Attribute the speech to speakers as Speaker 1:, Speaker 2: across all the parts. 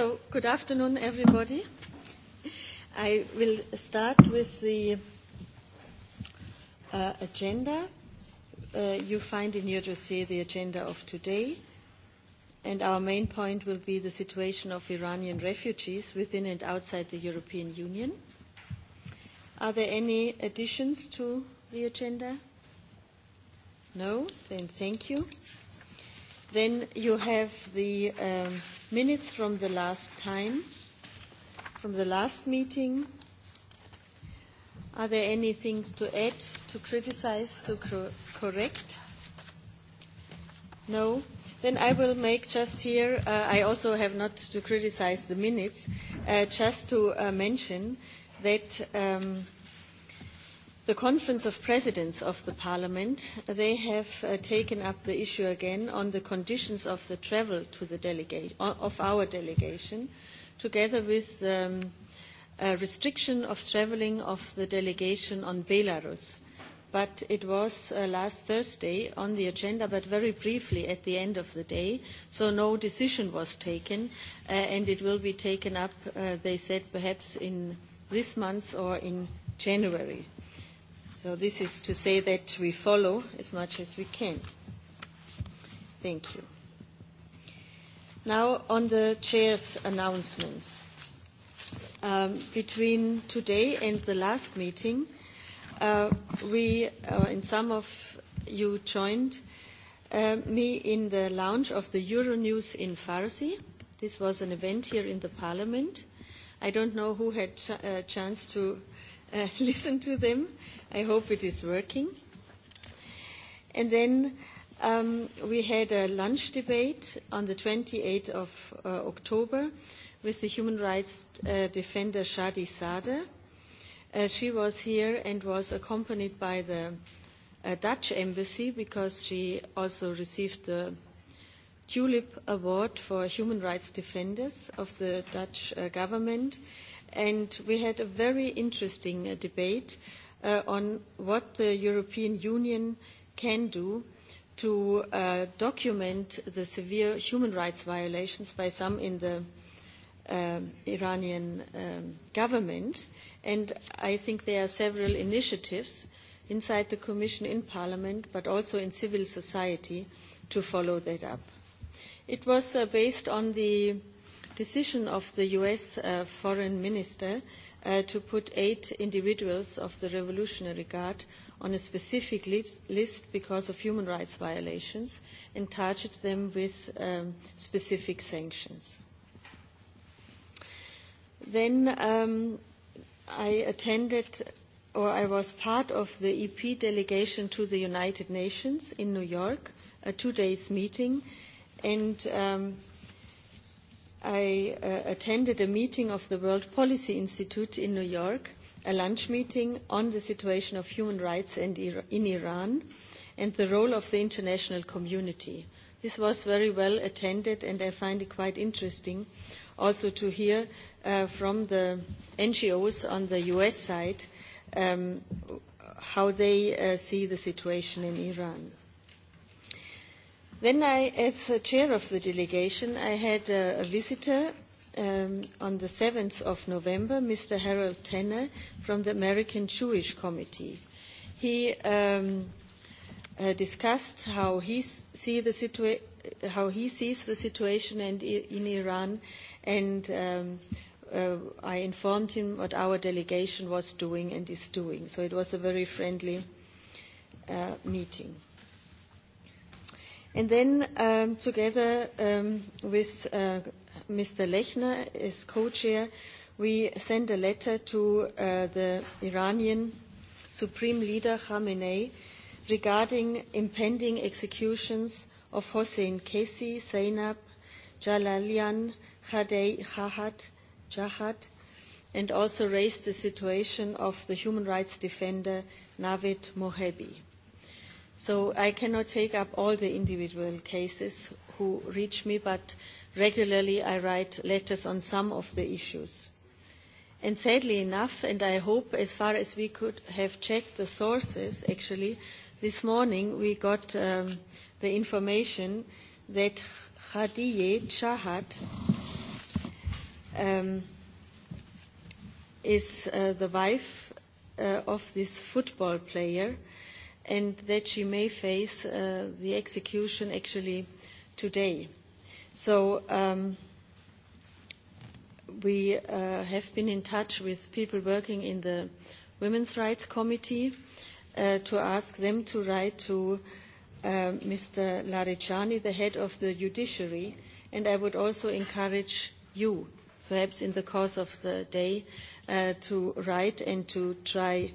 Speaker 1: So, good afternoon, everybody. I will start with the uh, agenda. Uh, you find in your dossier the agenda of today, and our main point will be the situation of Iranian refugees within and outside the European Union. Are there any additions to the agenda? No? Then thank you. Then you have the um, minutes from the last time, from the last meeting. Are there any things to add, to criticize, to cor- correct? No? Then I will make just here, uh, I also have not to criticize the minutes, uh, just to uh, mention that. Um, the Conference of Presidents of the Parliament, they have uh, taken up the issue again on the conditions of the travel to the delegation, of our delegation, together with um, restriction of travelling of the delegation on Belarus. But it was uh, last Thursday on the agenda, but very briefly at the end of the day, so no decision was taken, uh, and it will be taken up, uh, they said, perhaps in this month or in January So this is to say that we follow as much as we can. Thank you. Now on the chair's announcements. Um, between today and the last meeting, uh, we uh, and some of you joined uh, me in the lounge of the Euronews in Farsi. This was an event here in the Parliament. I don't know who had ch- uh, chance to uh, listen to them. I hope it is working. And then um, we had a lunch debate on the 28th of uh, October with the human rights uh, defender Shadi Sade. Uh, she was here and was accompanied by the uh, Dutch embassy because she also received the Tulip Award for Human Rights Defenders of the Dutch uh, government and we had a very interesting uh, debate uh, on what the European Union can do to uh, document the severe human rights violations by some in the Iranian um, government. And I think there are several initiatives inside the Commission, in Parliament, but also in civil society to follow that up. It was uh, based on the decision of the US uh, foreign minister uh, to put eight individuals of the Revolutionary Guard on a specific list because of human rights violations and target them with um, specific sanctions. Then um, I attended or I was part of the EP delegation to the United Nations in New York, a two days meeting, and um, I uh, attended a meeting of the World Policy Institute in New York, a lunch meeting on the situation of human rights in Iran and the role of the international community. This was very well attended, and I find it quite interesting also to hear uh, from the NGOs on the US side um, how they uh, see the situation in Iran. Then I, as chair of the delegation, I had a, a visitor um, on the 7th of November, Mr. Harold Tanner from the American Jewish Committee. He um, uh, discussed how he, see the situa- how he sees the situation in, in Iran, and um, uh, I informed him what our delegation was doing and is doing. So it was a very friendly uh, meeting. And then um, together um, with uh, Mr. Lechner as co-chair, we sent a letter to uh, the Iranian Supreme Leader Khamenei regarding impending executions of Hossein Kesi, Zainab, Jalalian, Khadei Khahat, Jahat, and also raised the situation of the human rights defender Navid Mohebi. So I cannot take up all the individual cases who reach me, but regularly I write letters on some of the issues. And sadly enough, and I hope as far as we could have checked the sources, actually, this morning we got um, the information that Khadije Chahat um, is uh, the wife uh, of this football player and that she may face uh, the execution actually today. So um, we uh, have been in touch with people working in the Women's Rights Committee uh, to ask them to write to uh, Mr. Larijani, the head of the judiciary, and I would also encourage you, perhaps in the course of the day, uh, to write and to try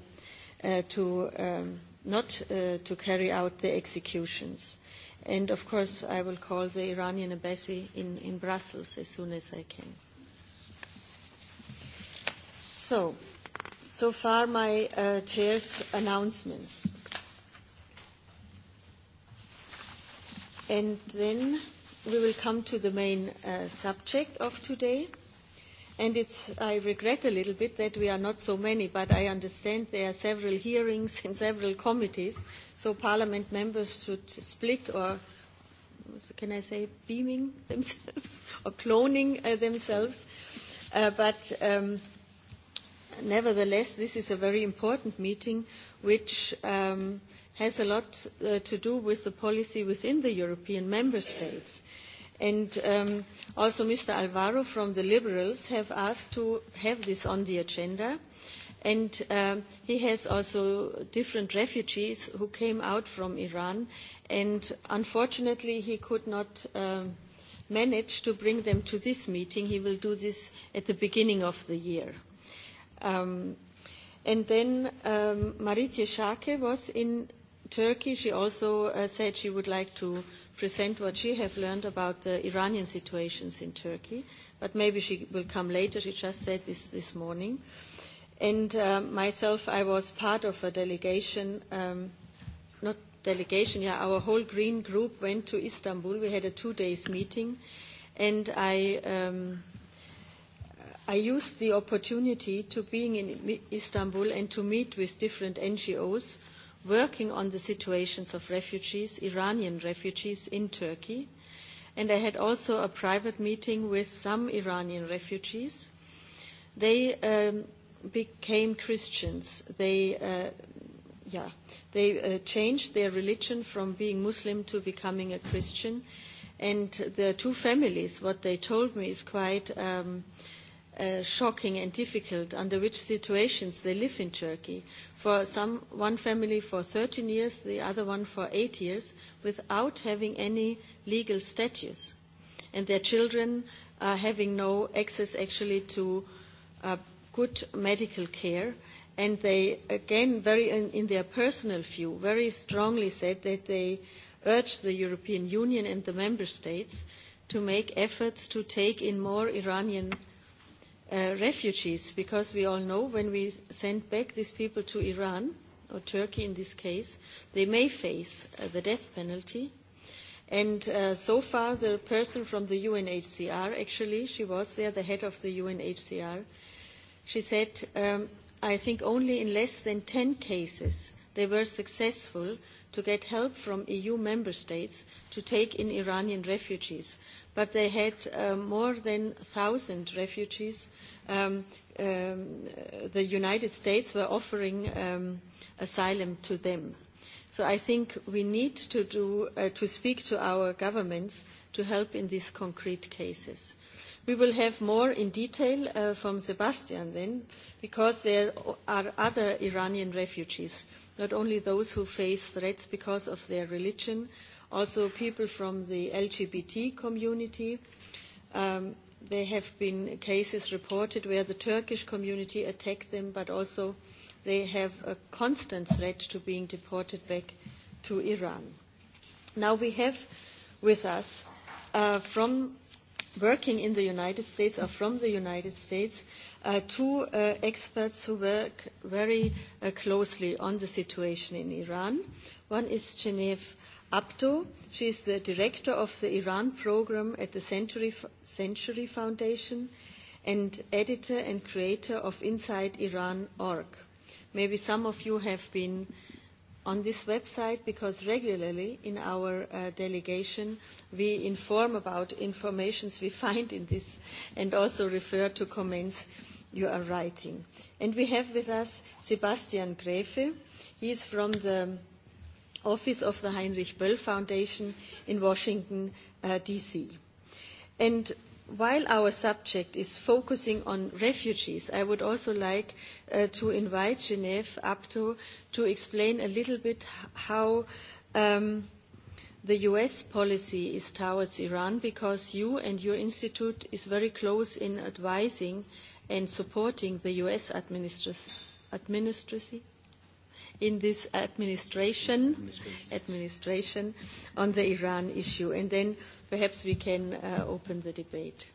Speaker 1: uh, to um, not to carry out the executions. And of course, I will call the Iranian embassy in, in Brussels as soon as I can. So, so far my uh, chair's announcements. And then we will come to the main uh, subject of today. And it's, I regret a little bit that we are not so many, but I understand there are several hearings in several committees, so Parliament members should split or, can I say, beaming themselves or cloning uh, themselves. Uh, but um, nevertheless, this is a very important meeting which um, has a lot uh, to do with the policy within the European member states. Uh, And um, also Mr. Alvaro from the Liberals have asked to have this on the agenda. And um, he has also different refugees who came out from Iran. And unfortunately, he could not um, manage to bring them to this meeting. He will do this at the beginning of the year. Um, and then um, Maritje Schake was in Turkey. She also uh, said she would like to present what she has learned about the Iranian situations in Turkey, but maybe she will come later. She just said this this morning. And uh, myself, I was part of a delegation, um, not delegation, yeah, our whole green group went to Istanbul. We had a two days meeting, and I. Um, I used the opportunity to being in Istanbul and to meet with different NGOs working on the situations of refugees, Iranian refugees in Turkey. And I had also a private meeting with some Iranian refugees. They um, became Christians. They, uh, yeah, they uh, changed their religion from being Muslim to becoming a Christian. And the two families, what they told me is quite. Um, uh, shocking and difficult under which situations they live in Turkey. For some, one family for 13 years, the other one for eight years, without having any legal status. And their children are having no access actually to uh, good medical care. And they, again, very in, in their personal view, very strongly said that they urge the European Union and the member states to make efforts to take in more Iranian refugees, because we all know when we send back these people to Iran, or Turkey in this case, they may face the death penalty. And so far, the person from the UNHCR, actually, she was there, the head of the UNHCR, she said, I think only in less than ten cases they were successful to get help from EU member states to take in Iranian refugees. But they had uh, more than 1,000 refugees. Um, um, the United States were offering um, asylum to them. So I think we need to, do, uh, to speak to our governments to help in these concrete cases. We will have more in detail uh, from Sebastian then, because there are other Iranian refugees not only those who face threats because of their religion, also people from the LGBT community. Um, there have been cases reported where the Turkish community attacked them, but also they have a constant threat to being deported back to Iran. Now we have with us uh, from working in the United States or from the United States two experts who work very closely on the situation in Iran. One is Genevieve Abdo. She is the director of the Iran program at the Century, Foundation and editor and creator of InsideIran.org. Maybe some of you have been on this website because regularly in our delegation we inform about informations we find in this and also refer to comments you are writing. And we have with us Sebastian Grefe. He is from the office of the Heinrich Böll Foundation in Washington, uh, D.C. And while our subject is focusing on refugees, I would also like uh, to invite Genève Abdo to explain a little bit how um, the US policy is towards Iran, because you and your institute is very close in advising uh, and supporting the U.S. administracy in this administration, administration on the Iran issue. And then perhaps we can uh, open the debate.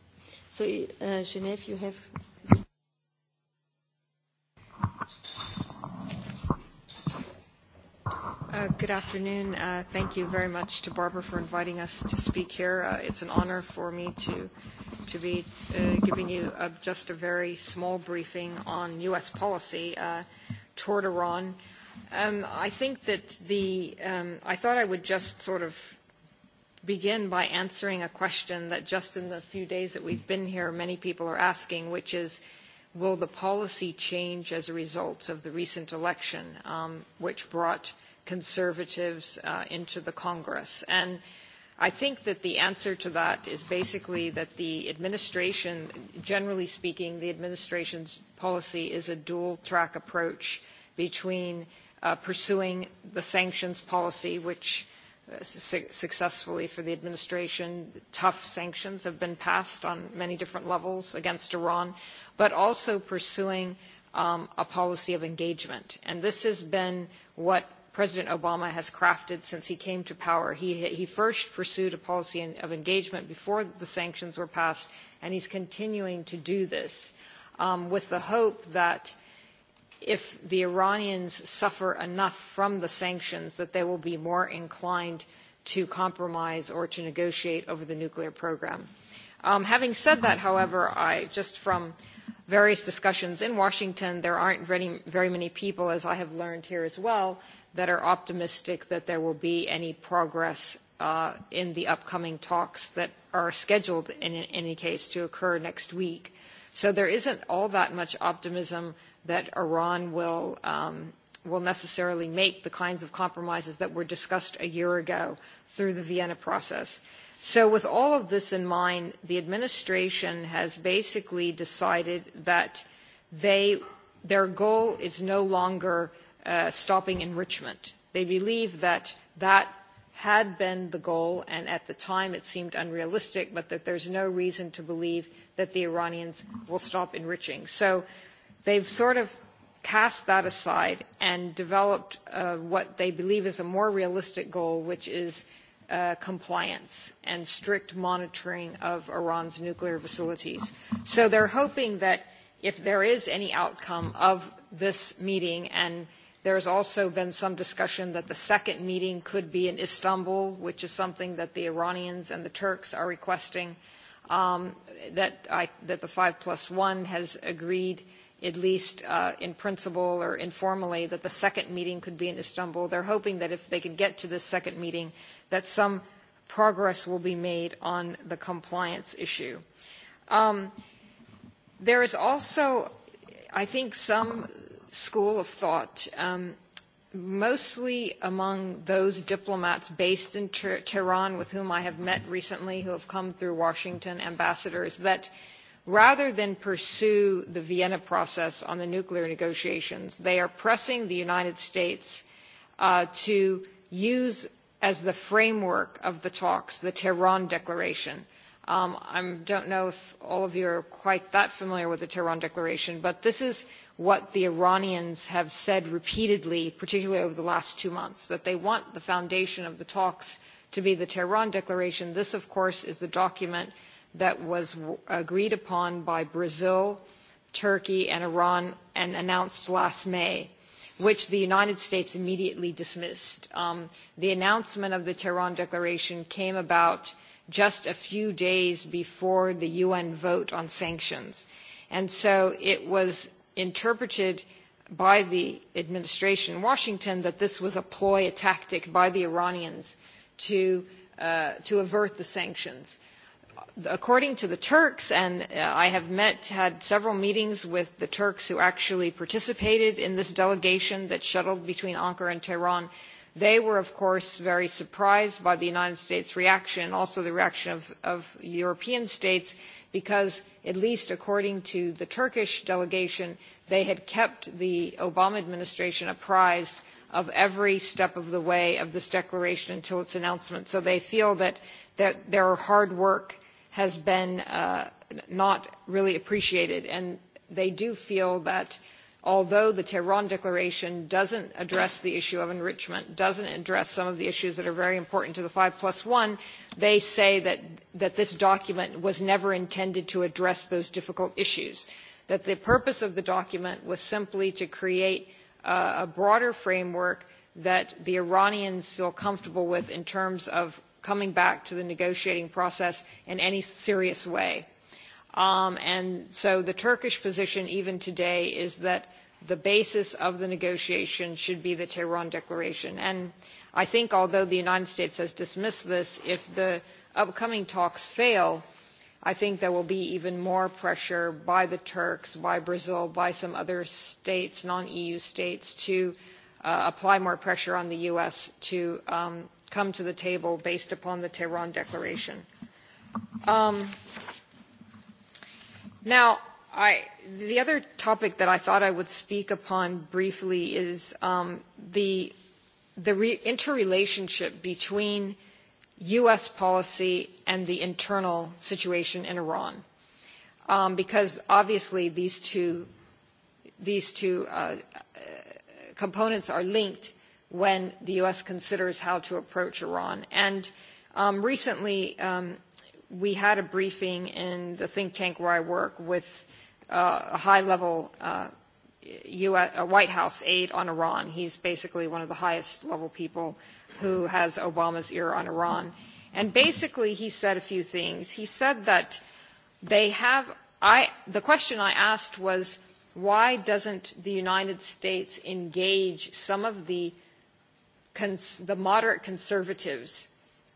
Speaker 1: So, uh, Genev, you
Speaker 2: have Good afternoon. Thank you very much to Barbara for inviting us to speak here. It's an honor for me to be giving you just a very small briefing on U.S. policy toward Iran. I think that the I thought I would just sort of begin by answering a question that just in the few days that we've been here, many people are asking, which is, will the policy change as a result of the recent election, which brought – conservatives uh, into the Congress. And I think that the answer to that is basically that the administration, generally speaking, the administration's policy is a dual track approach between uh, pursuing the sanctions policy, which successfully for the administration. Tough sanctions have been passed on many different levels against Iran, but also pursuing a policy of engagement. And this has been what President Obama has crafted since he came to power. He, he first pursued a policy of engagement before the sanctions were passed, and he's continuing to do this um, with the hope that if the Iranians suffer enough from the sanctions, that they will be more inclined to compromise or to negotiate over the nuclear program. Um, having said that, however, I just from various discussions in Washington, there aren't very, very many people, as I have learned here as well, that are optimistic that there will be any progress in the upcoming talks that are scheduled in any case to occur next week. So there isn't all that much optimism that Iran will will necessarily make the kinds of compromises that were discussed a year ago through the Vienna process. So with all of this in mind, the administration has basically decided that they their goal is no longer stopping enrichment. They believe that that had been the goal, and at the time it seemed unrealistic, but that there's no reason to believe that the Iranians will stop enriching. So they've sort of cast that aside and developed what they believe is a more realistic goal, which is compliance and strict monitoring of Iran's nuclear facilities. So they're hoping that if there is any outcome of this meeting and There has also been some discussion that the second meeting could be in Istanbul, which is something that the Iranians and the Turks are requesting, that, I, that the five plus one has agreed at least in principle or informally, that the second meeting could be in Istanbul. They're hoping that if they can get to this second meeting, that some progress will be made on the compliance issue. there is also, I think, some school of thought, um, mostly among those diplomats based in Ter- Tehran with whom I have met recently, who have come through Washington, ambassadors, that rather than pursue the Vienna process on the nuclear negotiations, they are pressing the United States uh, to use as the framework of the talks the Tehran Declaration. Um, I don't know if all of you are quite that familiar with the Tehran Declaration, but this is – what the Iranians have said repeatedly, particularly over the last two months, that they want the foundation of the talks to be the Tehran Declaration. This, of course, is the document that was agreed upon by Brazil, Turkey, and Iran and announced last May, which the United States immediately dismissed. the announcement of the Tehran Declaration came about just a few days before the UN vote on sanctions. And so it was interpreted by the administration in Washington that this was a ploy, a tactic by the Iranians to, uh, to avert the sanctions. According to the Turks, and I have met, had several meetings with the Turks who actually participated in this delegation that shuttled between Ankara and Tehran, they were, of course, very surprised by the United States reaction, also the reaction of, of European states because, at least according to the Turkish delegation, they had kept the Obama administration apprised of every step of the way of this declaration until its announcement. So they feel that, that their hard work has been uh, not really appreciated. And they do feel that although the Tehran Declaration doesn't address the issue of enrichment, doesn't address some of the issues that are very important to the five plus one, they say that, that this document was never intended to address those difficult issues, that the purpose of the document was simply to create a broader framework that the Iranians feel comfortable with in terms of coming back to the negotiating process in any serious way Um, and so the Turkish position even today is that the basis of the negotiation should be the Tehran Declaration. And I think although the United States has dismissed this, if the upcoming talks fail, I think there will be even more pressure by the Turks, by Brazil, by some other states, non-EU states, to apply more pressure on the U.S. to come to the table based upon the Tehran Declaration. Um, Now, I, the other topic that I thought I would speak upon briefly is um, the, the re- interrelationship between U.S. policy and the internal situation in Iran. Um, because obviously these two, these two uh, components are linked when the U.S. considers how to approach Iran. And um, recently, um, we had a briefing in the think tank where I work with uh, a high-level uh, US, a White House aide on Iran. He's basically one of the highest-level people who has Obama's ear on Iran. And basically, he said a few things. He said that they have. I the question I asked was why doesn't the United States engage some of the cons, the moderate conservatives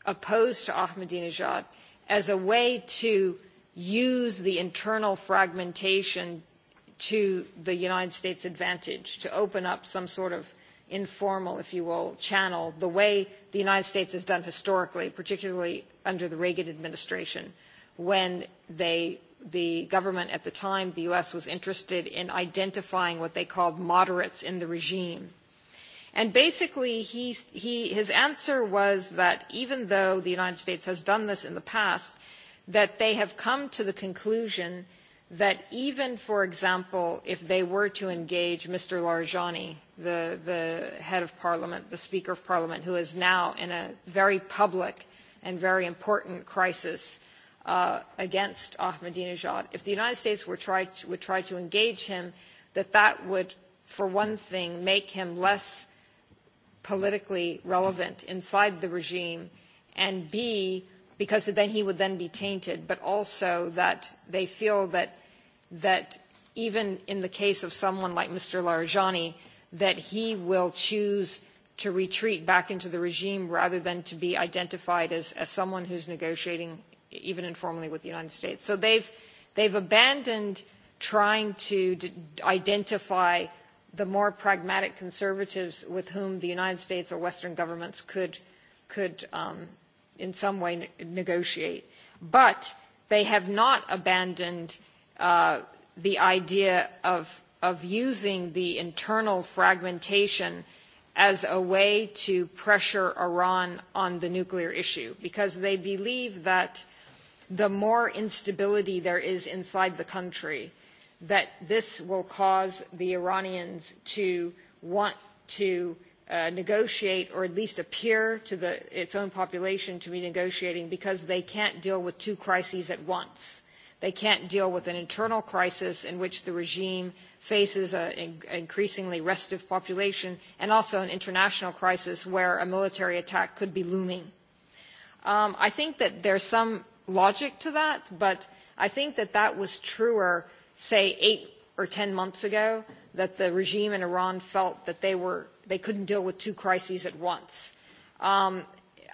Speaker 2: opposed to Ahmadinejad as a way to use the internal fragmentation to the United States' advantage, to open up some sort of informal, if you will, channel, the way the United States has done historically, particularly under the Reagan administration, when they, the government at the time, the U.S., was interested in identifying what they called moderates in the regime And basically, his answer was that even though the United States has done this in the past, that they have come to the conclusion that even, for example, if they were to engage Mr. Larjani, the, the head of parliament, the speaker of parliament, who is now in a very public and very important crisis against Ahmadinejad, if the United States were try to, would try to engage him, that that would, for one thing, make him less politically relevant inside the regime, and B, because then he would then be tainted, but also that they feel that, that even in the case of someone like Mr. Larajani, that he will choose to retreat back into the regime rather than to be identified as, as someone who's negotiating even informally with the United States. So they've, they've abandoned trying to d- identify the more pragmatic conservatives with whom the United States or Western governments could, could um, in some way negotiate. But they have not abandoned uh, the idea of, of using the internal fragmentation as a way to pressure Iran on the nuclear issue because they believe that the more instability there is inside the country, that this will cause the Iranians to want to negotiate or at least appear to the, its own population to be negotiating because they can't deal with two crises at once. They can't deal with an internal crisis in which the regime faces an increasingly restive population and also an international crisis where a military attack could be looming. I think that there's some logic to that, but I think that that was truer say, eight or ten months ago that the regime in Iran felt that they, were, they couldn't deal with two crises at once. Um,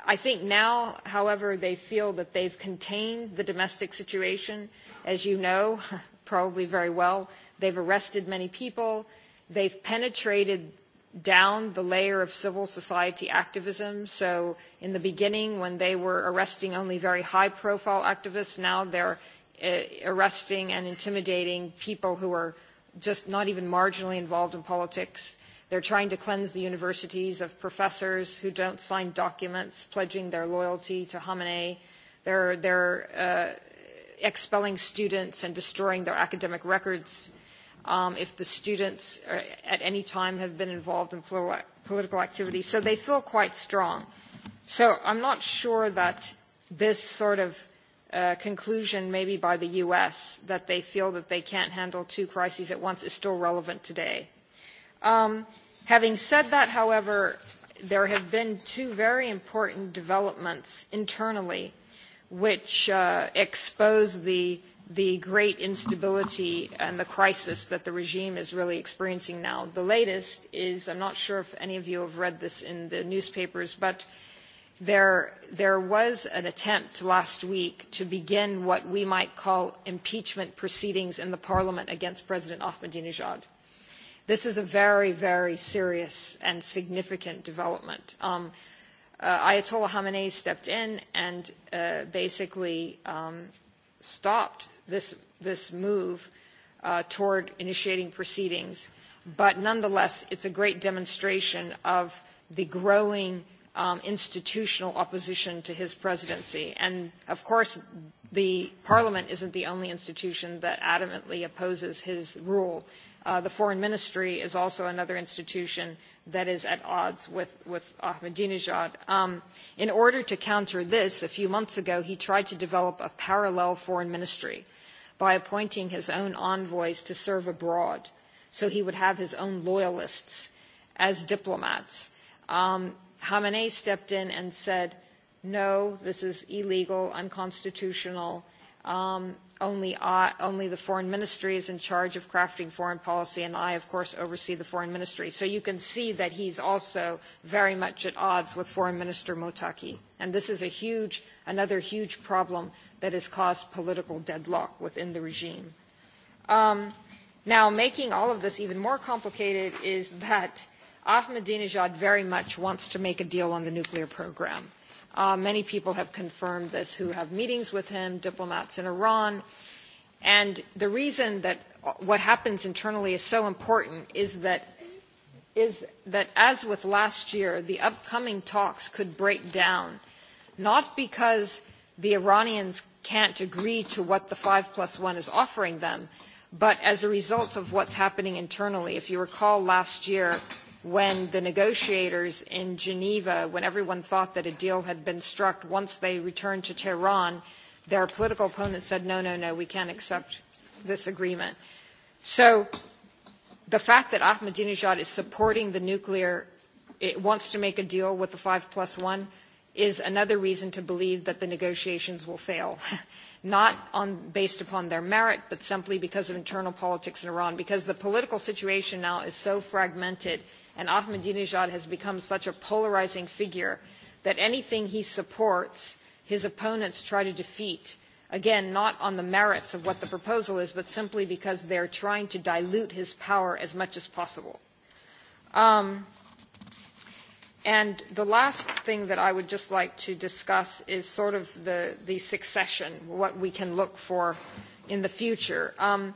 Speaker 2: I think now, however, they feel that they've contained the domestic situation. As you know, probably very well, they've arrested many people. They've penetrated down the layer of civil society activism. So in the beginning, when they were arresting only very high-profile activists, now they're arresting and intimidating people who are just not even marginally involved in politics. They're trying to cleanse the universities of professors who don't sign documents pledging their loyalty to Khamenei. They're, they're uh, expelling students and destroying their academic records. Um, if the students are, at any time have been involved in political activity. So they feel quite strong. So I'm not sure that this sort of conclusion, maybe by the U.S., that they feel that they can't handle two crises at once is still relevant today. having said that, however, there have been two very important developments internally which expose the the great instability and the crisis that the regime is really experiencing now. The latest is, I'm not sure if any of you have read this in the newspapers, but there, there was an attempt last week to begin what we might call impeachment proceedings in the parliament against President Ahmadinejad. This is a very, very serious and significant development. Um, uh, Ayatollah Khamenei stepped in and uh, basically um, stopped this, this move uh, toward initiating proceedings. But nonetheless, it's a great demonstration of the growing um, institutional opposition to his presidency. And of course, the parliament isn't the only institution that adamantly opposes his rule. Uh, the foreign ministry is also another institution that is at odds with, with Ahmadinejad. Um, in order to counter this, a few months ago, he tried to develop a parallel foreign ministry by appointing his own envoys to serve abroad so he would have his own loyalists as diplomats. Um, Khamenei stepped in and said, no, this is illegal, unconstitutional. Um, only, I, only the foreign ministry is in charge of crafting foreign policy, and I, of course, oversee the foreign ministry. So you can see that he's also very much at odds with Foreign Minister Motaki. And this is a huge, another huge problem that has caused political deadlock within the regime. Um, now, making all of this even more complicated is that Ahmadinejad very much wants to make a deal on the nuclear program. Uh, many people have confirmed this who have meetings with him, diplomats in Iran. And the reason that what happens internally is so important is that is that as with last year, the upcoming talks could break down, not because the Iranians can't agree to what the five plus one is offering them, but as a result of what's happening internally. If you recall last year, when the negotiators in Geneva, when everyone thought that a deal had been struck, once they returned to Tehran, their political opponents said, no, no, no, we can't accept this agreement. So the fact that Ahmadinejad is supporting the nuclear, it wants to make a deal with the five plus one, is another reason to believe that the negotiations will fail, not on, based upon their merit, but simply because of internal politics in Iran, because the political situation now is so fragmented And Ahmadinejad has become such a polarizing figure that anything he supports, his opponents try to defeat. Again, not on the merits of what the proposal is, but simply because they're trying to dilute his power as much as possible. Um, And the last thing that I would just like to discuss is sort of the, the succession, what we can look for in the future. Um,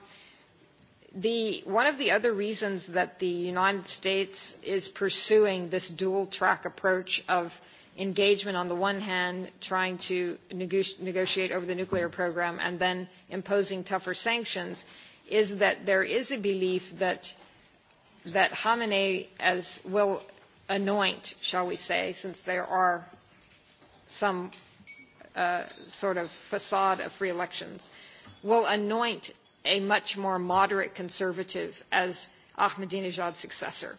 Speaker 2: The, one of the other reasons that the United States is pursuing this dual track approach of engagement on the one hand, trying to negotiate over the nuclear program, and then imposing tougher sanctions, is that there is a belief that that Khamenei as will anoint, shall we say, since there are some uh, sort of facade of free elections, will anoint a much more moderate conservative as Ahmadinejad's successor.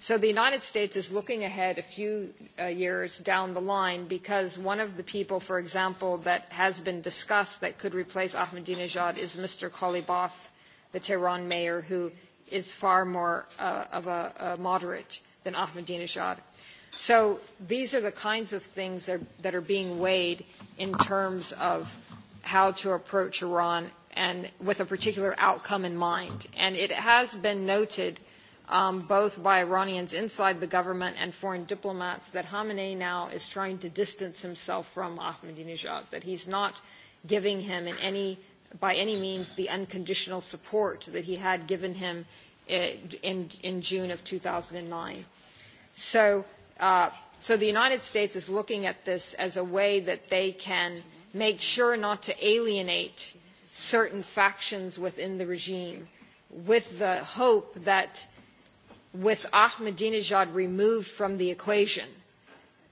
Speaker 2: So the United States is looking ahead a few years down the line because one of the people, for example, that has been discussed that could replace Ahmadinejad is Mr. Kolibov, the Tehran mayor, who is far more of a, moderate than Ahmadinejad. So these are the kinds of things that are being weighed in terms of how to approach Iran and with a particular outcome in mind. And it has been noted um, both by Iranians inside the government and foreign diplomats that Khamenei now is trying to distance himself from Ahmadinejad, that he's not giving him in any, by any means the unconditional support that he had given him in, in June of 2009. So, uh, so the United States is looking at this as a way that they can make sure not to alienate certain factions within the regime with the hope that with Ahmadinejad removed from the equation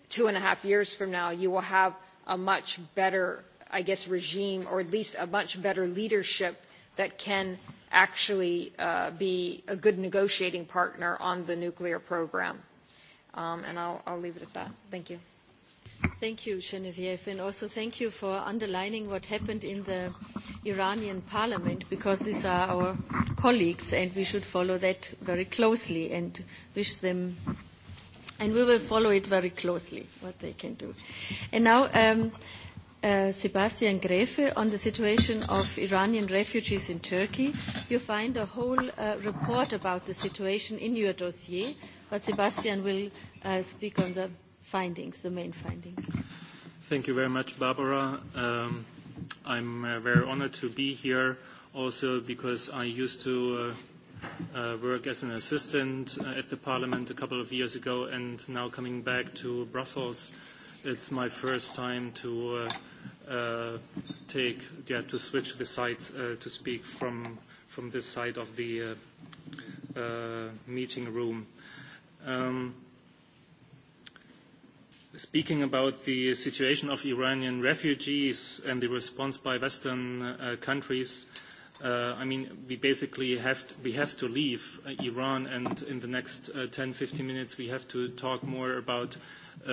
Speaker 2: two and a half years from now, you will have a much better, I guess, regime or at least a much better leadership that can actually uh, be a good negotiating partner on the nuclear program. Um, and I'll, I'll leave it at that. Thank you. Thank you, Genevieve, and also thank you for
Speaker 1: underlining what happened in the Iranian parliament, because these are our colleagues, and we should follow that very closely and wish them, and we will follow it very closely, what they can do. And now, um, uh, Sebastian Grefe, on the situation of Iranian refugees in Turkey. You find a whole uh, report about the situation in your dossier, but Sebastian will uh, speak on the findings, the main findings.
Speaker 3: Thank you very much, Barbara. Um, I'm uh, very honored to be here also because I used to uh, uh, work as an assistant uh, at the parliament a couple of years ago and now coming back to Brussels, it's my first time to uh, uh, take, yeah, to switch the sides uh, to speak from, from this side of the uh, uh, meeting room. Um, speaking about the situation of Iranian refugees and the response by Western uh, countries, uh, I mean, we basically have to, we have to leave Iran, and in the next uh, 10, 15 minutes, we have to talk more about uh,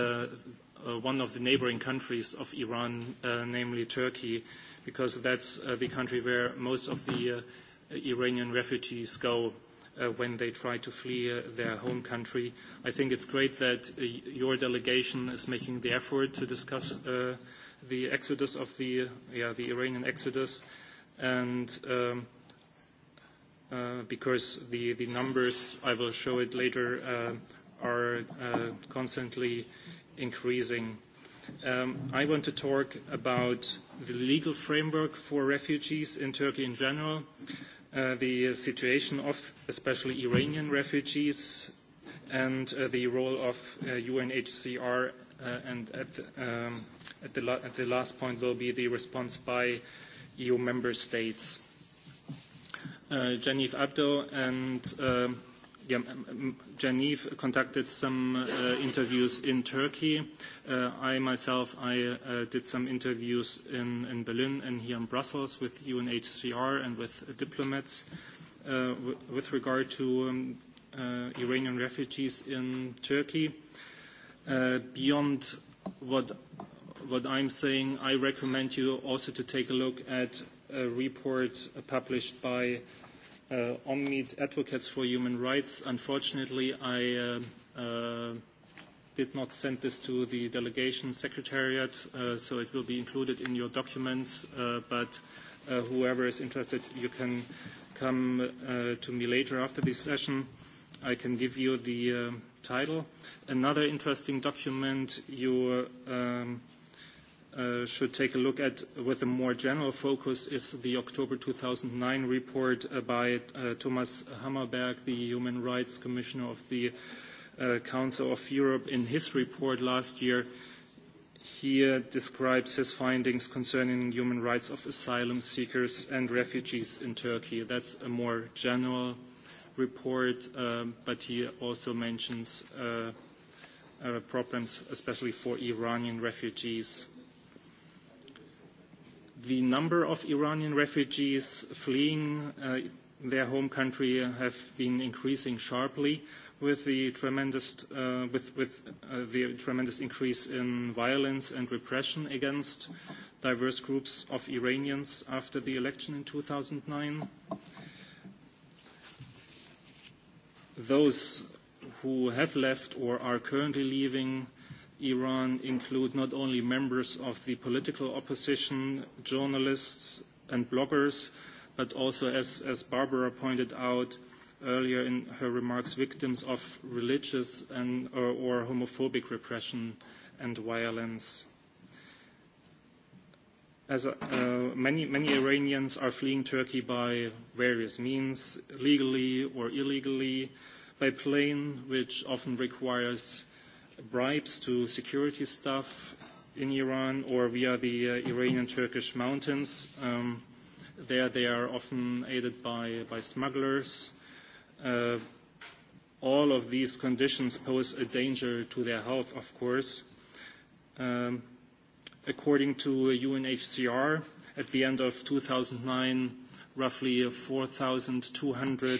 Speaker 3: uh, one of the neighboring countries of Iran, uh, namely Turkey, because that's uh, the country where most of the uh, Iranian refugees go when they try to flee their home country. I think it's great that your delegation is making the effort to discuss the exodus of the, yeah, the Iranian exodus, and because the, the numbers, I will show it later, are constantly increasing. I want to talk about the legal framework for refugees in Turkey in general the situation of especially Iranian refugees and the role of UNHCR and at the last point will be the response by EU member states. Genève Abdo and Genevieve conducted some uh interviews in Turkey. Uh I myself, I uh did some interviews in in Berlin and here in Brussels with UNHCR and with diplomats uh with regard to Iranian refugees in Turkey. Uh Beyond what what I'm saying, I recommend you also to take a look at a report published by uh, Omnid Advocates for Human Rights. Unfortunately, I uh, uh, did not send this to the delegation secretariat, uh, so it will be included in your documents, uh, but uh, whoever is interested, you can come uh, to me later after this session. I can give you the uh, title. Another interesting document you um, should take a look at with a more general focus is the October 2009 report by Thomas Hammerberg, the Human Rights Commissioner of the Council of Europe. In his report last year, he describes his findings concerning human rights of asylum seekers and refugees in Turkey. That's a more general report, but he also mentions problems, especially for Iranian refugees the number of Iranian refugees fleeing their home country have been increasing sharply with the tremendous uh, with with uh, the tremendous increase in violence and repression against diverse groups of Iranians after the election in 2009. Those who have left or are currently leaving Iran include not only members of the political opposition, journalists and bloggers, but also, as, as Barbara pointed out earlier in her remarks, victims of religious and, or, or homophobic repression and violence. As uh, many, many Iranians are fleeing Turkey by various means, legally or illegally, by plane, which often requires bribes to security staff in Iran or via the uh, Iranian-Turkish mountains. Um, there they are often aided by, by smugglers. Uh, all of these conditions pose a danger to their health, of course. Um, according to UNHCR, at the end of 2009, roughly 4,200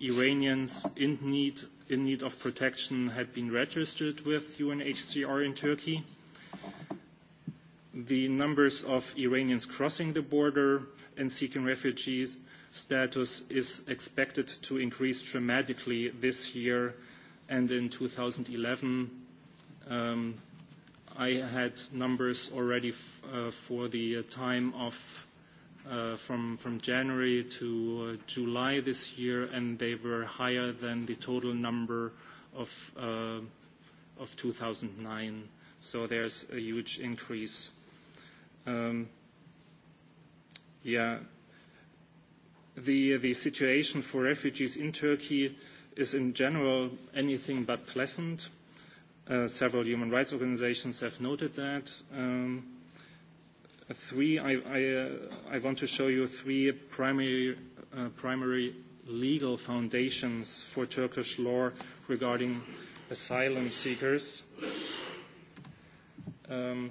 Speaker 3: Iranians in need in need of protection had been registered with UNHCR in Turkey. The numbers of Iranians crossing the border and seeking refugee status is expected to increase dramatically this year and in 2011. Um, I had numbers already f- uh, for the time of from from January to July this year, and they were higher than the total number of of 2009. So there's a huge increase. Yeah. The the situation for refugees in Turkey is in general anything but pleasant. Several human rights organizations have noted that. Um three, I, I, uh, I want to show you three primary, uh, primary legal foundations for Turkish law regarding asylum seekers. Um,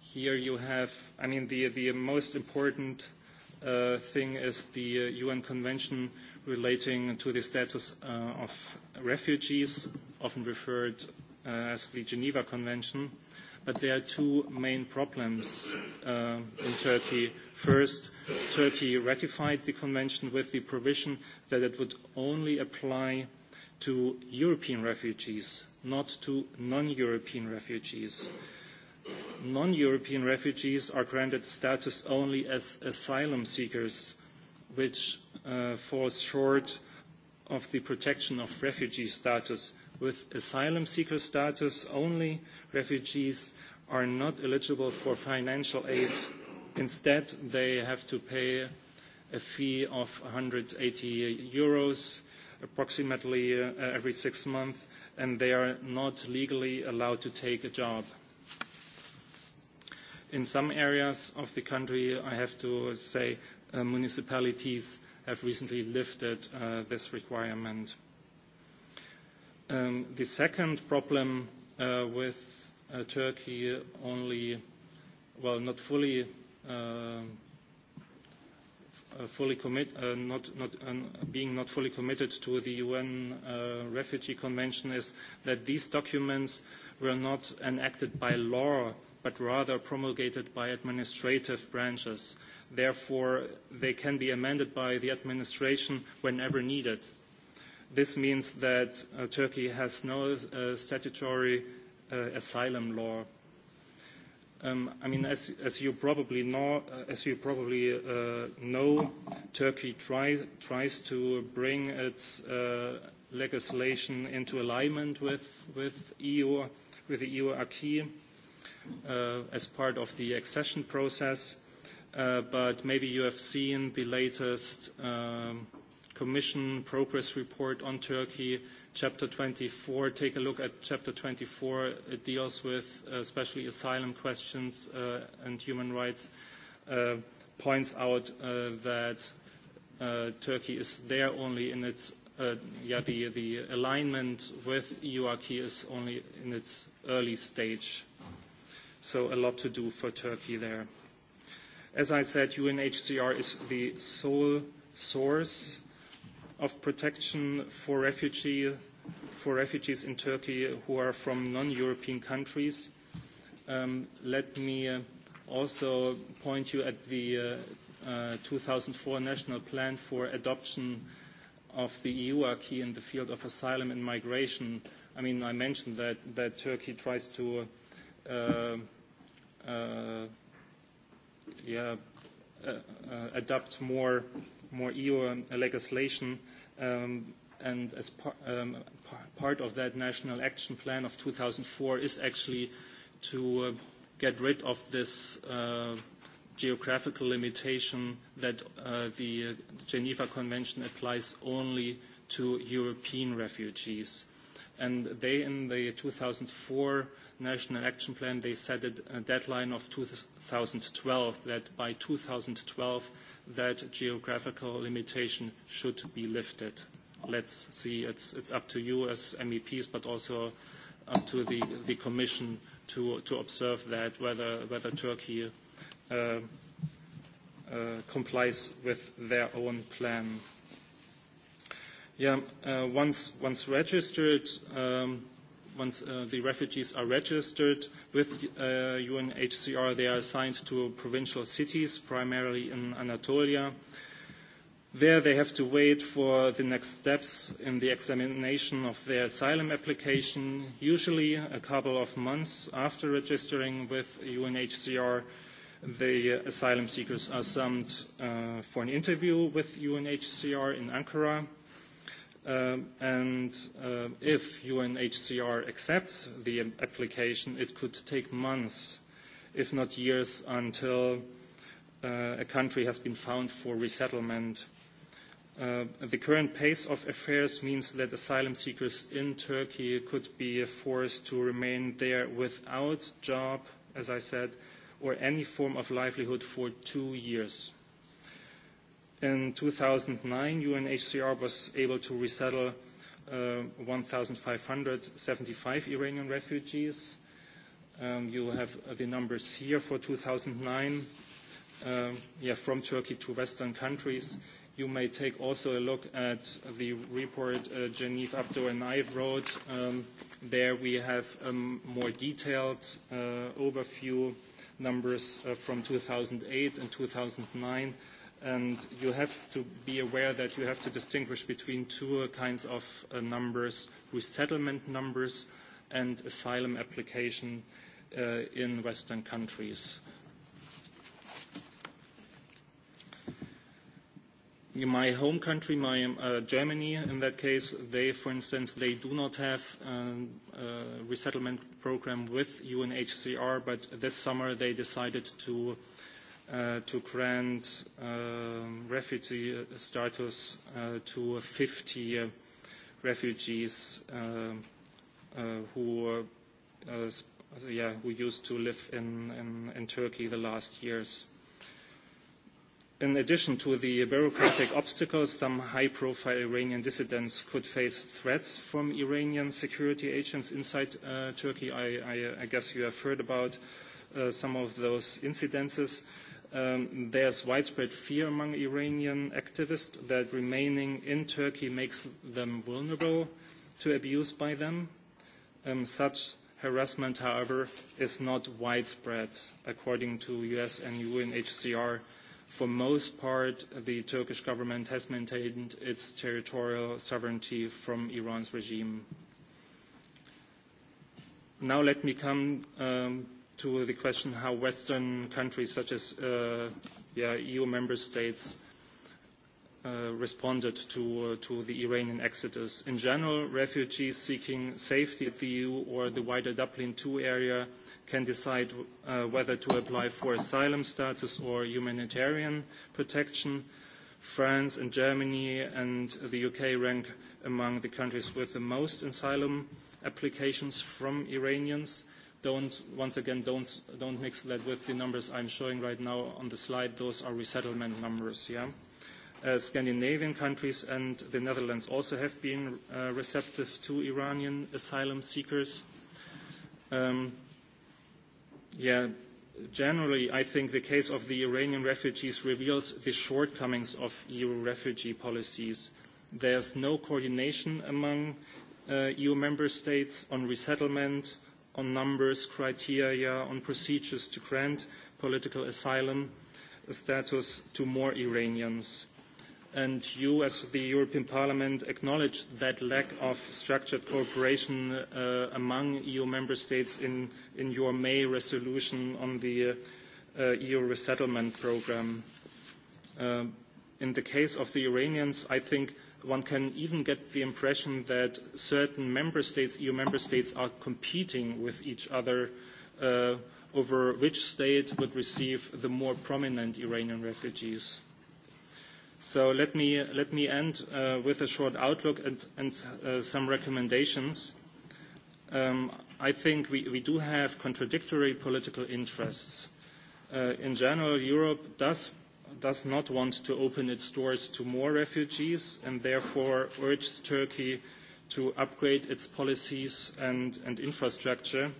Speaker 3: here you have, I mean, the, the most important uh, thing is the uh, UN Convention relating to the status uh, of refugees, often referred uh, as the Geneva Convention. But there are two main problems in Turkey. First, Turkey ratified the convention with the provision that it would only apply to European refugees, not to non-European refugees. Non-European refugees are granted status only as asylum seekers, which falls short of the protection of refugee status with asylum seeker status only, refugees are not eligible for financial aid. Instead, they have to pay a fee of EUR 180 euros approximately every six months, and they are not legally allowed to take a job. In some areas of the country, I have to say, municipalities have recently lifted this requirement. The second problem with Turkey only, well, not fully fully commit, not not being not fully committed to the UN Refugee Convention is that these documents were not enacted by law, but rather promulgated by administrative branches. Therefore, they can be amended by the administration whenever needed This means that uh, Turkey has no uh, statutory uh, asylum law. Um, I mean, as, as you probably know, as you probably uh, know, Turkey try, tries to bring its uh, legislation into alignment with with EU with the EU acquis uh, as part of the accession process. Uh, but maybe you have seen the latest. Um, Commission progress report on Turkey, Chapter 24. Take a look at Chapter 24. It deals with especially asylum questions and human rights. points out that Turkey is there only in its yeah, the, the alignment with EU acquis is only in its early stage. So a lot to do for Turkey there. As I said, UNHCR is the sole source of protection for, refugee, for refugees in Turkey who are from non-European countries. Um, let me uh, also point you at the uh, uh, 2004 National Plan for Adoption of the EU acquis in the field of asylum and migration. I mean, I mentioned that, that Turkey tries to uh, uh, yeah, adopt more more EU legislation and as par, um, part of that national action plan of 2004 is actually to uh, get rid of this uh, geographical limitation that uh, the Geneva Convention applies only to European refugees and they in the 2004 national action plan they set a deadline of 2012 that by 2012 that geographical limitation should be lifted let's see it's it's up to you as meps but also up to the the commission to to observe that whether whether turkey uh, uh, complies with their own plan Yeah, uh, once, once registered, um, once uh, the refugees are registered with uh, UNHCR, they are assigned to provincial cities, primarily in Anatolia. There they have to wait for the next steps in the examination of their asylum application, usually a couple of months after registering with UNHCR. The asylum seekers are summoned uh, for an interview with UNHCR in Ankara and if UNHCR accepts the application, it could take months, if not years, until a country has been found for resettlement. the current pace of affairs means that asylum seekers in Turkey could be forced to remain there without job, as I said, or any form of livelihood for two years In 2009, UNHCR was able to resettle uh, 1,575 Iranian refugees. Um, you have the numbers here for 2009, Uh, yeah, from Turkey to Western countries. You may take also a look at the report uh, Genève Abdo and I wrote. Um, there we have a more detailed uh, overview numbers uh, from 2008 and 2009 and you have to be aware that you have to distinguish between two kinds of uh, numbers, resettlement numbers and asylum application uh, in Western countries. In my home country, my, uh, Germany, in that case, they, for instance, they do not have a resettlement program with UNHCR, but this summer they decided to uh, to grant refugee status to 50 refugees who uh yeah, who used to live in, in, in Turkey the last years. In addition to the bureaucratic obstacles, some high-profile Iranian dissidents could face threats from Iranian security agents inside uh, Turkey. I, I, I guess you have heard about uh, some of those incidences. Uh, there's widespread fear among Iranian activists that remaining in Turkey makes them vulnerable to abuse by them. such harassment, however, is not widespread. According to US and UNHCR, for most part, the Turkish government has maintained its territorial sovereignty from Iran's regime. Now let me come to the question how Western countries such as EU member states responded to, the Iranian exodus. In general, refugees seeking safety at the EU or the wider Dublin II area can decide whether to apply for asylum status or humanitarian protection. France and Germany and the UK rank among the countries with the most asylum applications from Iranians Don't, once again, don't, don't mix that with the numbers I'm showing right now on the slide. Those are resettlement numbers, yeah? Scandinavian countries and the Netherlands also have been receptive to Iranian asylum seekers. yeah, generally, I think the case of the Iranian refugees reveals the shortcomings of EU refugee policies. There's no coordination among EU member states on resettlement, on numbers, criteria, on procedures to grant political asylum status to more Iranians. And you, as the European Parliament, acknowledge that lack of structured cooperation among EU member states in, your May resolution on the EU resettlement programme. in the case of the Iranians, I think – one can even get the impression that certain member states, EU member states, are competing with each other over which state would receive the more prominent Iranian refugees. So let me, let me end with a short outlook and, and some recommendations. I think we, we do have contradictory political interests. in general, Europe does does not want to open its doors to more refugees and therefore urges Turkey to upgrade its policies and, and infrastructure.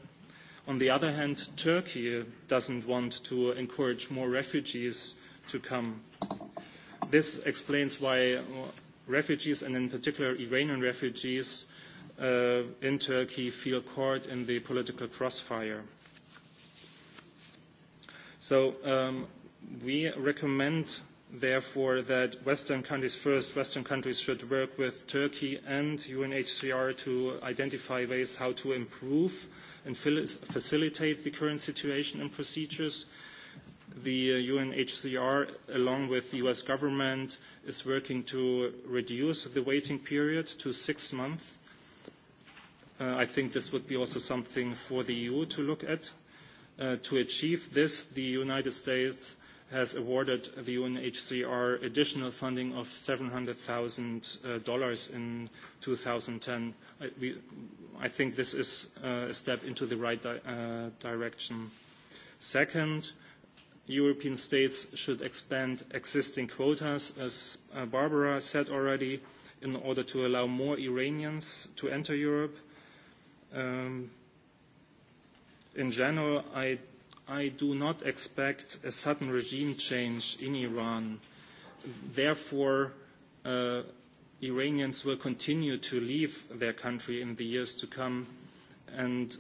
Speaker 3: On the other hand, Turkey doesn't want to encourage more refugees to come. This explains why refugees, and in particular Iranian refugees uh, in Turkey, feel caught in the political crossfire. So um, we recommend therefore that Western countries first, Western countries should work with Turkey and UNHCR to identify ways how to improve and facilitate the current situation and procedures. The UNHCR, along with the US government, is working to reduce the waiting period to six months. I think this would be also something for the EU to look at. to achieve this, the United States has awarded the UNHCR additional funding of $700,000 in 2010. I, we, I think this is a step into the right di uh, direction. Second, European states should expand existing quotas, as Barbara said already, in order to allow more Iranians to enter Europe. Um, in general, I I do not expect a sudden regime change in Iran. Therefore, Iranians will continue to leave their country in the years to come, and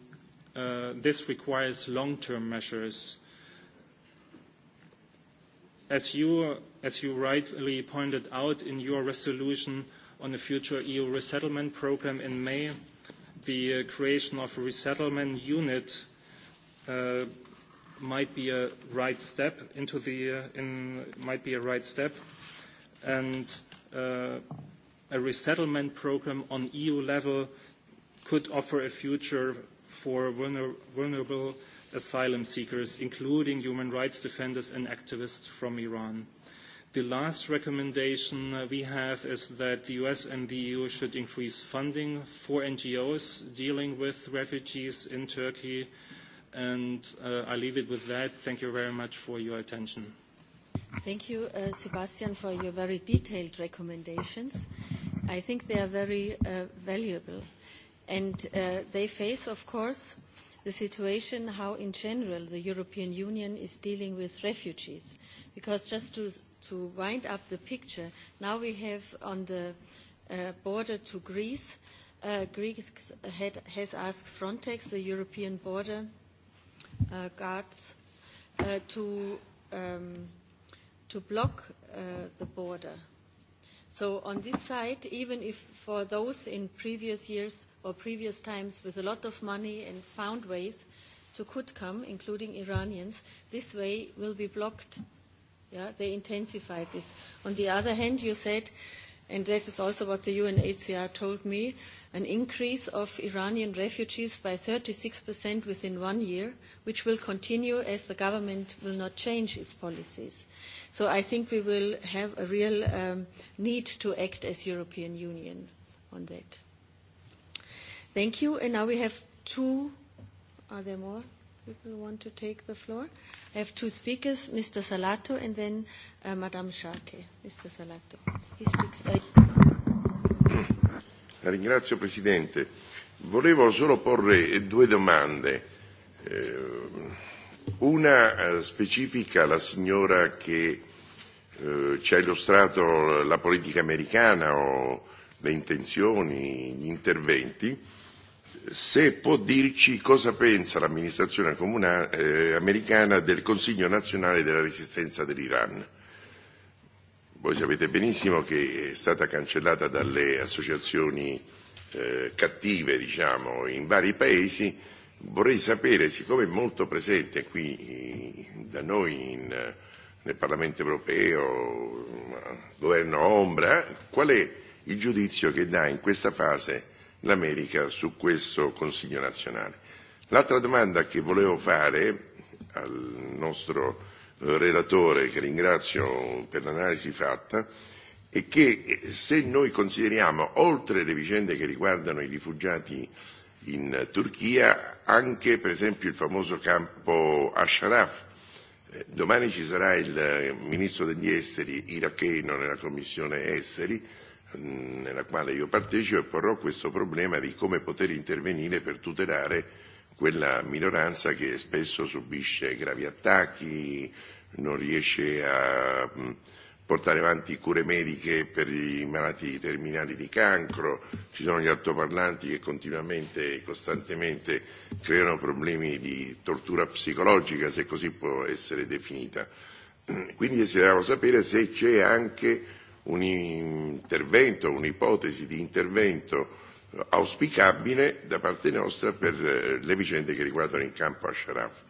Speaker 3: this requires long-term measures. As you, as you rightly pointed out in your resolution on the future EU resettlement programme in May, the creation of a resettlement unit might be a right step into the uh, in might be a right step, and uh, a resettlement program on EU level could offer a future for vulnerable asylum seekers, including human rights defenders and activists from Iran. The last recommendation we have is that the U.S. and the EU should increase funding for NGOs dealing with refugees in Turkey and uh, I leave it with that. Thank you very much for your attention.
Speaker 1: Thank you, uh, Sebastian, for your very detailed recommendations. I think they are very uh, valuable. And uh, they face, of course, the situation how in general the European Union is dealing with refugees. Because just to, to wind up the picture, now we have on the uh, border to Greece, uh, Greece had, has asked Frontex, the European border uh, guards uh, to, um, to block uh, the border. So on this side, even if for those in previous years or previous times with a lot of money and found ways to could come, including Iranians, this way will be blocked. Yeah, they intensified this. On the other hand, you said and that is also what the UNHCR told me, an increase of Iranian refugees by 36% within one year, which will continue as the government will not change its policies. So I think we will have a real um, need to act as European Union on that. Thank you. And now we have two, are there more? people want to take the floor? I have two speakers, Mr. Salato and then uh, Madame Schaake. Mr. Salato. He speaks.
Speaker 4: La ringrazio Presidente. Volevo solo porre due domande. Una specifica alla signora che ci ha illustrato la politica americana o le intenzioni, gli interventi se può dirci cosa pensa l'amministrazione eh, americana del Consiglio nazionale della resistenza dell'Iran. Voi sapete benissimo che è stata cancellata dalle associazioni eh, cattive diciamo, in vari paesi. Vorrei sapere, siccome è molto presente qui da noi in, nel Parlamento europeo, governo ombra, qual è il giudizio che dà in questa fase l'America su questo Consiglio nazionale. L'altra domanda che volevo fare al nostro relatore, che ringrazio per l'analisi fatta, è che se noi consideriamo, oltre le vicende che riguardano i rifugiati in Turchia, anche per esempio il famoso campo Ashraf, domani ci sarà il ministro degli esteri iracheno nella commissione esteri, nella quale io partecipo e porrò questo problema di come poter intervenire per tutelare quella minoranza che spesso subisce gravi attacchi, non riesce a portare avanti cure mediche per i malati terminali di cancro, ci sono gli altoparlanti che continuamente e costantemente creano problemi di tortura psicologica, se così può essere definita. Quindi desideravo sapere se c'è anche un intervento, un'ipotesi di intervento auspicabile da parte nostra per le vicende che riguardano il campo Asharaf.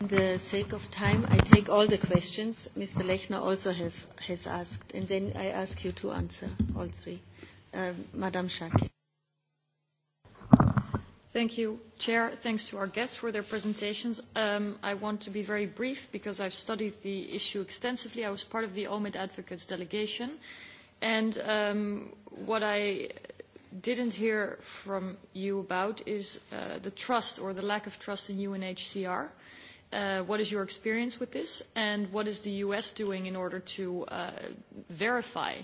Speaker 1: In the sake of time, I take all the questions Mr. Lechner also have, has asked, and then I ask you to answer all three. Uh, Madame Schake.
Speaker 5: Thank you, Chair. Thanks to our guests for their presentations. I want to be very brief because I've studied the issue extensively. I was part of the OMID Advocates delegation. And what I didn't hear from you about is the trust or the lack of trust in UNHCR. What is your experience with this? And what is the U.S. doing in order to verify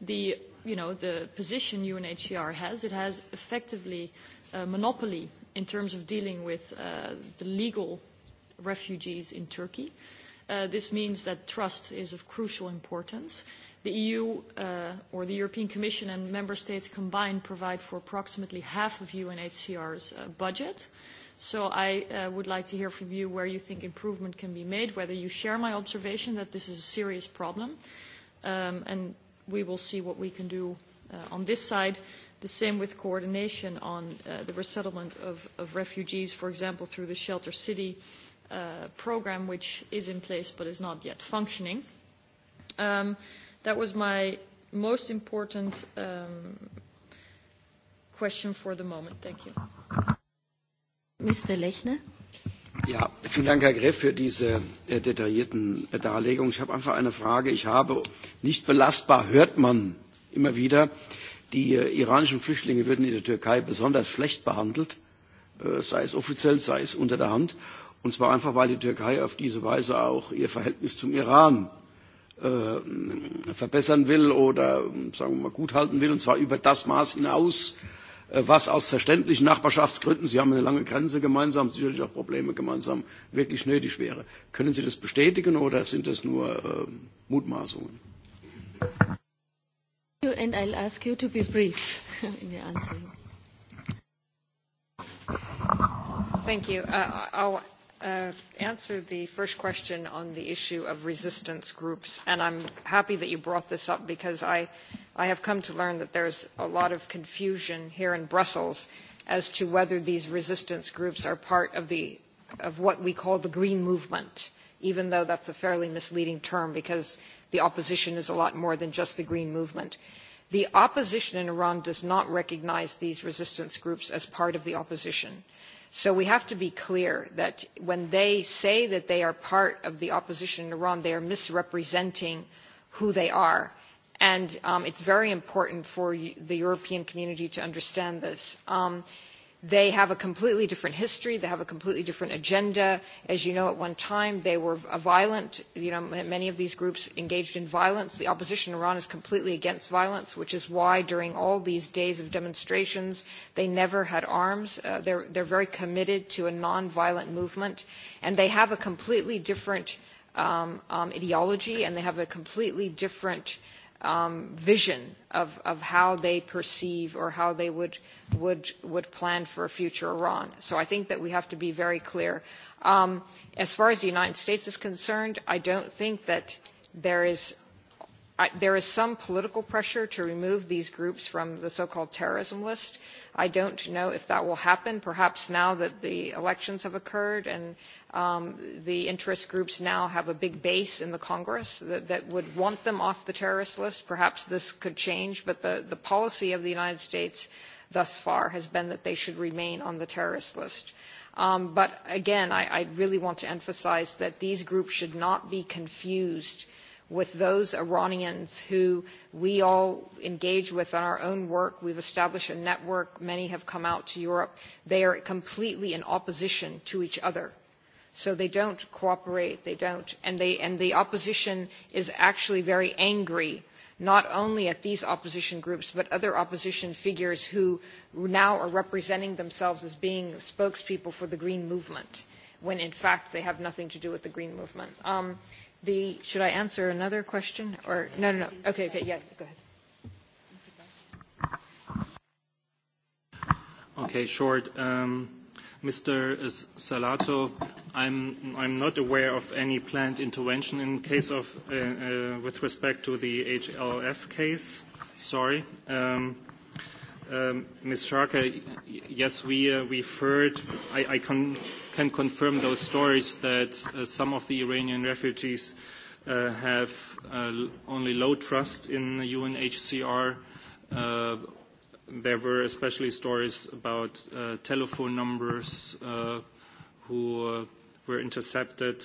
Speaker 5: the, you know, the position UNHCR has? It has effectively monopoly in terms of dealing with the legal refugees in Turkey. this means that trust is of crucial importance. The EU or the European Commission and member states combined provide for approximately half of UNHCR's budget. So I would like to hear from you where you think improvement can be made, whether you share my observation that this is a serious problem, and we will see what we can do on this side The same with coordination on uh, the resettlement of, of refugees, for example, through the Shelter City uh, program, which is in place but is not yet functioning. Um, that was my most important um, question for the
Speaker 1: moment. Thank you. Mr. Lechner?
Speaker 2: Ja, vielen Dank, Herr Greff, für diese äh, detaillierten äh, Darlegungen. Ich habe einfach eine Frage. Ich habe nicht belastbar, hört man immer wieder. Äh, Die iranischen Flüchtlinge würden in der Türkei besonders schlecht behandelt, sei es offiziell, sei es unter der Hand. Und zwar einfach, weil die Türkei auf diese Weise auch ihr Verhältnis zum Iran verbessern will oder, sagen wir mal, will, und zwar über das Maß hinaus, was aus verständlichen Nachbarschaftsgründen, Sie haben eine lange Grenze gemeinsam, sicherlich auch Probleme gemeinsam, wirklich nötig wäre. Können Sie das bestätigen oder sind das nur Mutmaßungen?
Speaker 1: you, and I'll ask you to be brief in your answer.
Speaker 2: Thank you. Uh, I'll uh, answer the first question on the issue of resistance groups, and I'm happy that you brought this up because I, I have come to learn that there's a lot of confusion here in Brussels as to whether these resistance groups are part of the of what we call the green movement, even though that's a fairly misleading term because the opposition is a lot more than just the Green Movement. The opposition in Iran does not recognize these resistance groups as part of the opposition. So we have to be clear that when they say that they are part of the opposition in Iran, they are misrepresenting who they are. And um, it's very important for the European community to understand this. Um, They have a completely different history. They have a completely different agenda. As you know, at one time they were a violent. You know, many of these groups engaged in violence. The opposition in Iran is completely against violence, which is why during all these days of demonstrations they never had arms. Uh, they're they're very committed to a non-violent movement, and they have a completely different um, um, ideology, and they have a completely different uh, um, vision of, of how they perceive or how they would, would, would plan for a future Iran. So I think that we have to be very clear. Um, as far as the United States is concerned, I don't think that there is, I there is some political pressure to remove these groups from the so-called terrorism list I don't know if that will happen. Perhaps now that the elections have occurred and um, the interest groups now have a big base in the Congress that, that would want them off the terrorist list, perhaps this could change. But the, the policy of the United States thus far has been that they should remain on the terrorist list. Um, but again, I, I really want to emphasize that these groups should not be confused with those Iranians who we all engage with on our own work. We've established a network. Many have come out to Europe. They are completely in opposition to each other. So they don't cooperate. They don't. And, they, and the opposition is actually very angry not only at these opposition groups, but other opposition figures who now are representing themselves as being spokespeople for the Green Movement, when in fact they have nothing to do with the Green Movement. Um, the, should I answer another question? Or, no, no, no. Okay, okay, yeah, go
Speaker 3: ahead. Okay, short. Mr. Salato, I'm not aware of any planned intervention in case of with respect to the HLF case. Sorry. Ms. Sharka, yes, we we've heard. I can confirm those stories that some of the Iranian refugees have only low trust in the UNHCR. there were especially stories about telephone numbers who were intercepted,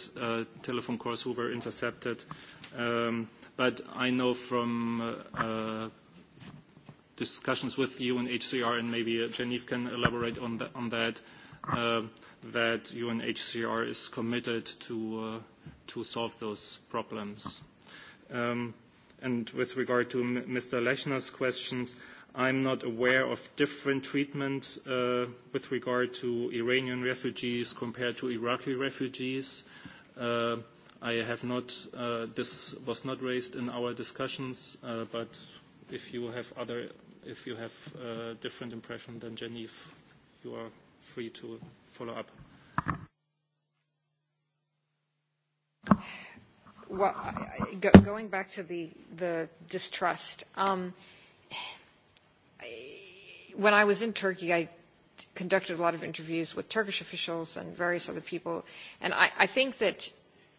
Speaker 3: telephone calls who were intercepted. but I know from discussions with UNHCR, and maybe Janif can elaborate on on that, that UNHCR is committed to, uh to solve those problems. Um and with regard to M Mr. Lechner's questions, I'm not aware of different treatment uh with regard to Iranian refugees compared to Iraqi refugees. Uh I have not, uh this was not raised in our discussions, uh but if you have other, if you have a different impression than Genève, you are free to follow up.
Speaker 2: Well, I, go, going back to the, the distrust, um, I, when I was in Turkey, I conducted a lot of interviews with Turkish officials and various other people, and I, I think that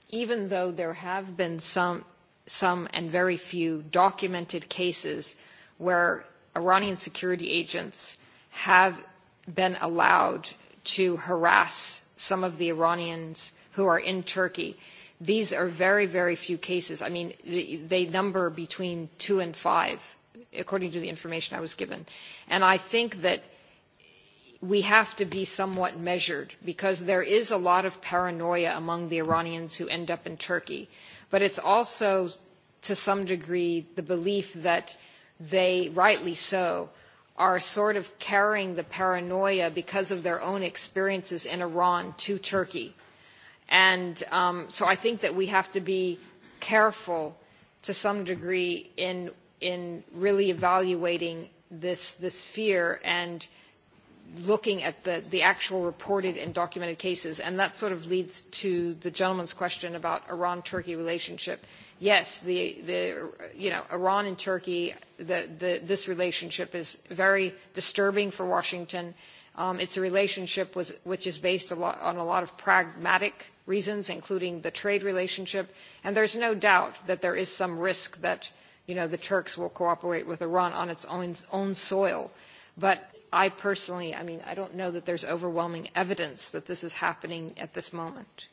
Speaker 2: even though there have been some, some and very few documented cases where Iranian security agents have been allowed to harass some of the Iranians who are in Turkey. These are very, very few cases. I mean, they number between two and five, according to the information I was given. And I think that we have to be somewhat measured because there is a lot of paranoia among the Iranians who end up in Turkey. But it's also, to some degree, the belief that they, rightly so, are sort of carrying the paranoia because of their own experiences in Iran to Turkey. And um, so I think that we have to be careful to some degree in in really evaluating this this fear and looking at the, the actual reported and documented cases. And that sort of leads to the gentleman's question about Iran-Turkey relationship. Yes, the, the, you know, Iran and Turkey, the, the, this relationship is very disturbing for Washington. Um, it's a relationship was, which is based a lot, on a lot of pragmatic reasons, including the trade relationship. And there's no doubt that there is some risk that, you know, the Turks will cooperate with Iran on its own, own soil. But I personally, I mean, I don't know that there's overwhelming evidence that this is happening at this moment.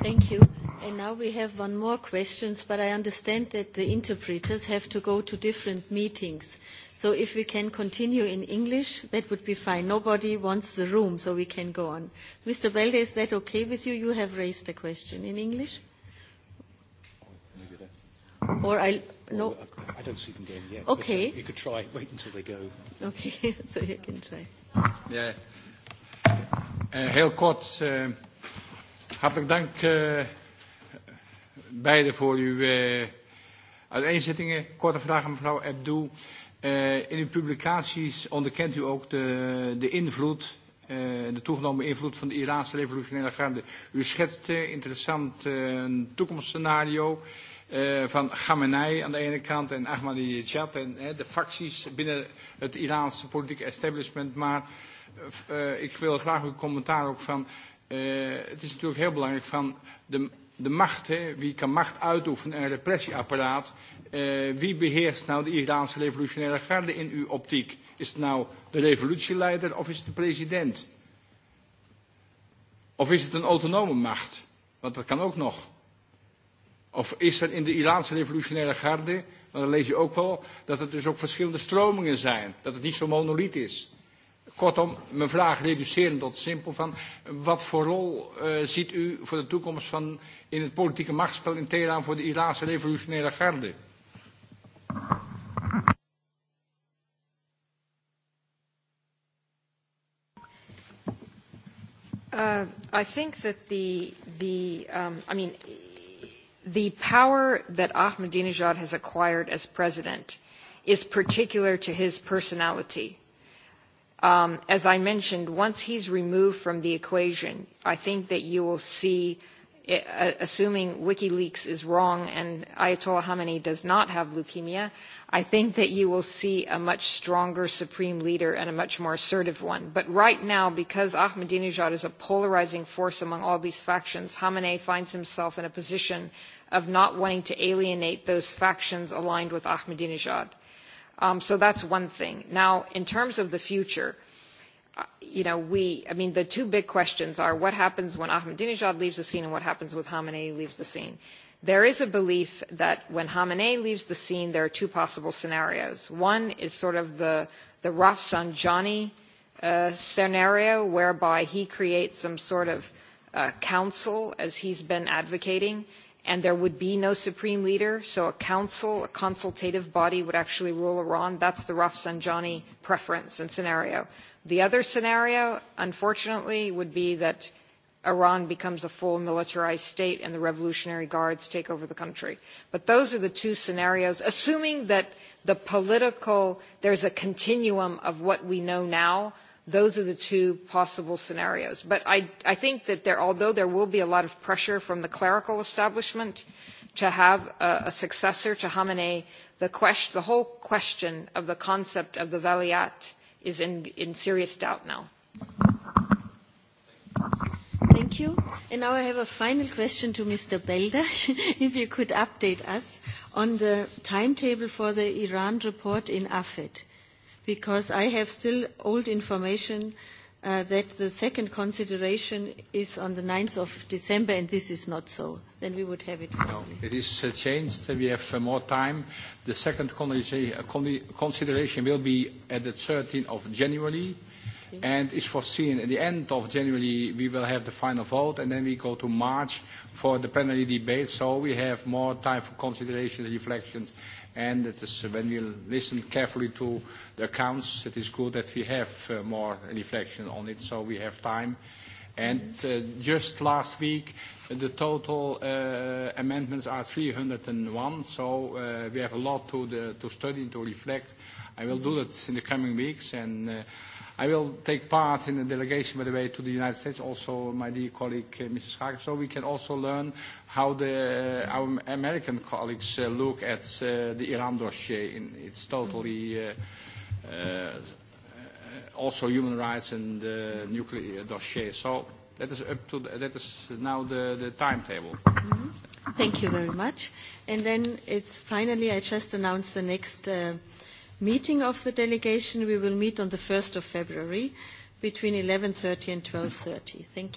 Speaker 1: Thank you. And now we have one more question, but I understand that the interpreters have to go to different meetings. So if we can continue in English, that would be fine. Nobody wants the room, so we can go on. Mr. Belde, is that okay with you? You have raised a question in English? Or I... No.
Speaker 6: I don't see them going yet. Okay. But, you could try. Wait until they go.
Speaker 1: Okay, so you can try.
Speaker 6: Yeah. Uh, heel kort. Uh, hartelijk dank uh, beiden voor uw uh, uiteenzettingen. Korte vraag aan mevrouw Abdou. Uh, in uw publicaties onderkent u ook de, de invloed de toegenomen invloed van de Iraanse revolutionaire garde. U schetst een interessant toekomstscenario van Khamenei aan de ene kant en Ahmadinejad en de facties binnen het Iraanse politieke establishment. Maar ik wil graag uw commentaar ook van. het is natuurlijk heel belangrijk van de, de macht. Hè, wie kan macht uitoefenen? Een repressieapparaat. wie beheerst nou de Iraanse revolutionaire garde in uw optiek? Is het nou de revolutieleider of is het de president? Of is het een autonome macht? Want dat kan ook nog. Of is er in de Iraanse revolutionaire garde, want dan lees je ook wel dat er dus ook verschillende stromingen zijn, dat het niet zo monoliet is. Kortom, mijn vraag reduceren tot simpel van, wat voor rol uh, ziet u voor de toekomst van in het politieke machtsspel in Teheran voor de Iraanse revolutionaire garde?
Speaker 2: Uh, I think that the, the um, I mean, the power that Ahmadinejad has acquired as president is particular to his personality. as I mentioned, once he's removed from the equation, I think that you will see, assuming WikiLeaks is wrong and Ayatollah Khamenei does not have leukemia, I think that you will see a much stronger supreme leader and a much more assertive one. But right now, because Ahmadinejad is a polarizing force among all these factions, Khamenei finds himself in a position of not wanting to alienate those factions aligned with Ahmadinejad. Um, so that's one thing. Now, in terms of the future, you know, we, I mean, the two big questions are what happens when Ahmadinejad leaves the scene and what happens when Khamenei leaves the scene. There is a belief that when Khamenei leaves the scene, there are two possible scenarios. One is sort of the, the Rafsanjani uh, scenario, whereby he creates some sort of uh, council, as he's been advocating, and there would be no supreme leader, so a council, a consultative body would actually rule Iran. That's the Rafsanjani preference and scenario. The other scenario, unfortunately, would be that Iran becomes a full militarized state and the Revolutionary Guards take over the country. But those are the two scenarios, assuming that the political, there's a continuum of what we know now those are the two possible scenarios. But I, I think that there, although there will be a lot of pressure from the clerical establishment to have a, a successor to Khamenei, the, quest, the whole question of the concept of the Valiat is in, in serious doubt now. Thank you.
Speaker 1: And now I have a final question to Mr. Belder, if you could update us on the timetable for the Iran report in AFED because I have still old information uh, that the second consideration is on the 9th of December, and this is not so. Then we would have it finally.
Speaker 6: No, it is uh, changed. We have uh, more time. The second consideration will be at the 13th of January, and is foreseen at the end of January we will have the final vote, and then we go to March for the plenary debate. So we have more time for consideration, reflections, and it is when we listen carefully to the accounts, it is good that we have more reflection on it, so we have time. And uh just last week, the total uh amendments are 301, so uh we have a lot to the to study, and to reflect. I will do that in the coming weeks, and uh I will take part in a delegation, by the way, to the United States, also my dear colleague, uh, Mrs. Schaak, so we can also learn how the, uh, our American colleagues uh, look at uh, the Iran dossier. In, it's totally uh, uh, also human rights and uh, nuclear dossier. So that is up to the, that is now the, the timetable.
Speaker 1: Thank you very much. And then it's finally, I just announced the next. Uh, meeting of the delegation. We will meet on the 1st of February between 11.30 and 12.30. Thank you.